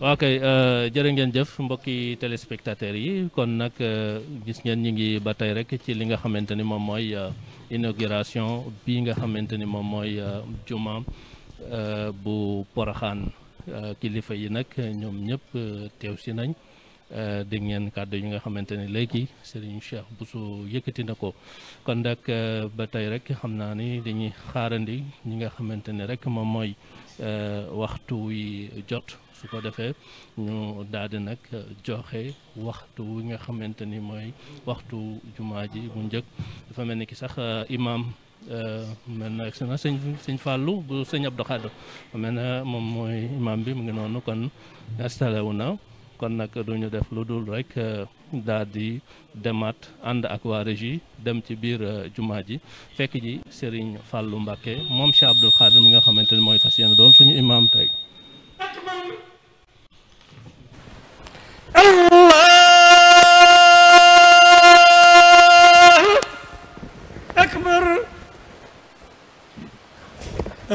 waaw kay euh, jërë ngeen jëf mbokki téléspectateurs yi kon nag euh, gis ngeen ñi ngi ba tey rek ci li nga xamante ni moom mooy euh, inauguration bii nga xamante ni moom mooy juma bu Poroxaan kilifa yi nag ñoom ñëpp teew si nañ dégg ngeen kàddu yi nga xamante ni léegi Serigne Cheikh su yëkkati na ko kon nag ba tey rek xam naa ni dañuy xaarandi ñi nga xamante ni rek moom mooy waxtu wi jot. su ko defee ñu daal nag joxe waxtu wi nga xamante ni mooy waxtu jumaa ji bu njëkk dafa mel ni ki sax euh, imaam euh, mel na sëñ sëñ sëñ Fallou bu sëñ Abdou Khadre mel na moom mooy imaam bi mu ngi noonu kon installé wu na kon nag du def lu dul rek euh, daal di demaat ànd ak waa régie dem ci biir jumaa ji fekk ji Serigne Fallou Mbacké moom Cheikh Abdou Khadre mi nga xamante ni mooy fas yéene doon suñu imaam tey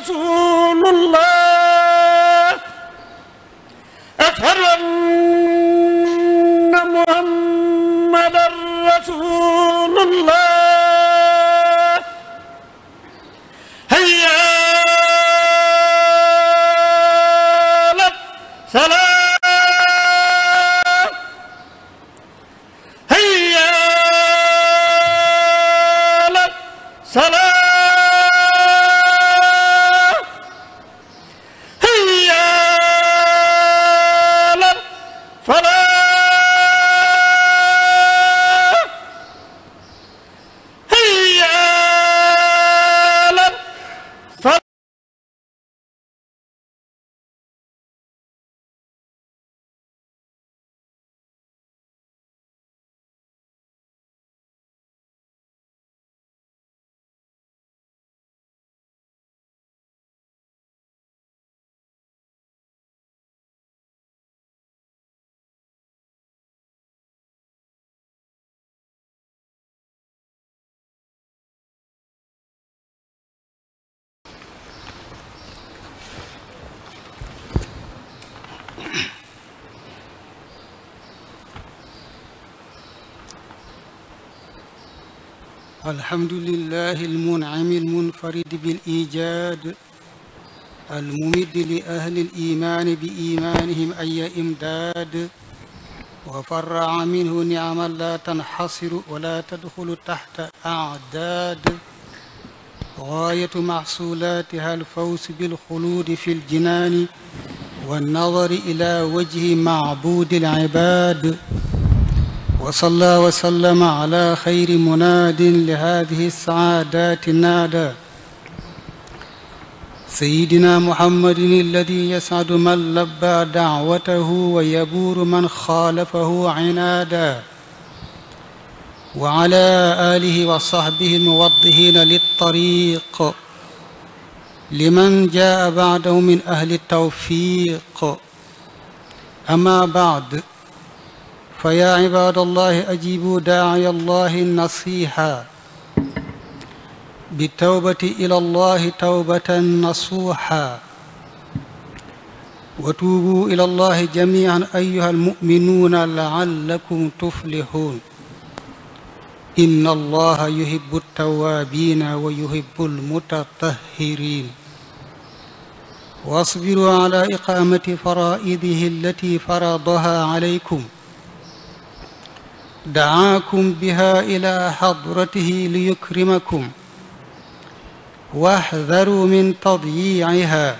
رسول الله أشهد أن محمدا رسول الله هيا للصلاة الحمد لله المنعم المنفرد بالإيجاد الممد لأهل الإيمان بإيمانهم أي إمداد وفرع منه نعما لا تنحصر ولا تدخل تحت أعداد غاية محصولاتها الفوز بالخلود في الجنان والنظر إلى وجه معبود العباد وصلى وسلم على خير مناد لهذه السعادات نادى سيدنا محمد الذي يسعد من لبى دعوته ويبور من خالفه عنادا وعلى آله وصحبه الموضحين للطريق لمن جاء بعده من أهل التوفيق أما بعد فيا عباد الله أجيبوا داعي الله نصيحا بالتوبة إلى الله توبة نصوحا وتوبوا إلى الله جميعا أيها المؤمنون لعلكم تفلحون إن الله يحب التوابين ويحب المتطهرين واصبروا على إقامة فرائضه التي فرضها عليكم دعاكم بها إلى حضرته ليكرمكم واحذروا من تضييعها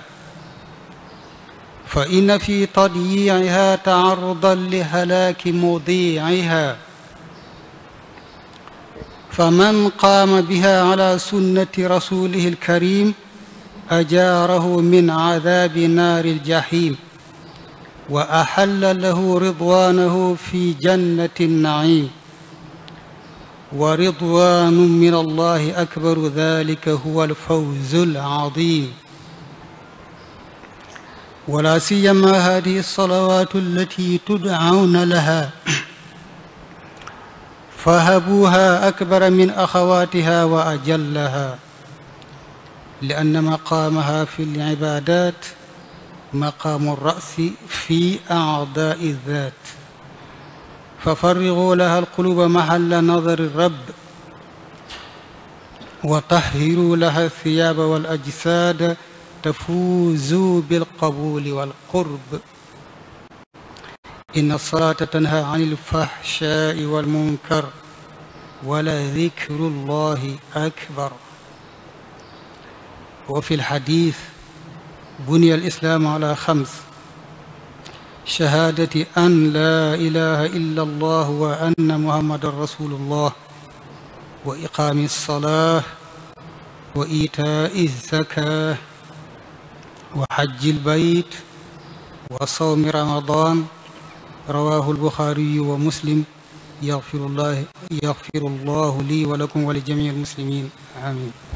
فإن في تضييعها تعرضا لهلاك مضيعها فمن قام بها على سنة رسوله الكريم أجاره من عذاب نار الجحيم وأحل له رضوانه في جنة النعيم ورضوان من الله أكبر ذلك هو الفوز العظيم ولا سيما هذه الصلوات التي تدعون لها فهبوها أكبر من أخواتها وأجلها لأن مقامها في العبادات maqaamu rasi fi aadaai daat fa farrigu laha alquluba mahalla nadari rab wa tahhiru laha thiyaaba wal ajsaada tafuuzu bilqabuli walqurb inna salaata tanha anil fahshaai wal munkar wala dikrullahi akbar wa fi lxadiis buniya al islaamu ala xams shahaadati an laa ilaha illa allah wa anna muhammadan rasulullah wa iqaami alsalaa wa itaai zaka wa xajji lbayt wa sawmi ramadan rawahu albuxaariyu wa muslim yaxfiru llah yaxfiru llahu lii wa lakum wa li jamii almuslimin amin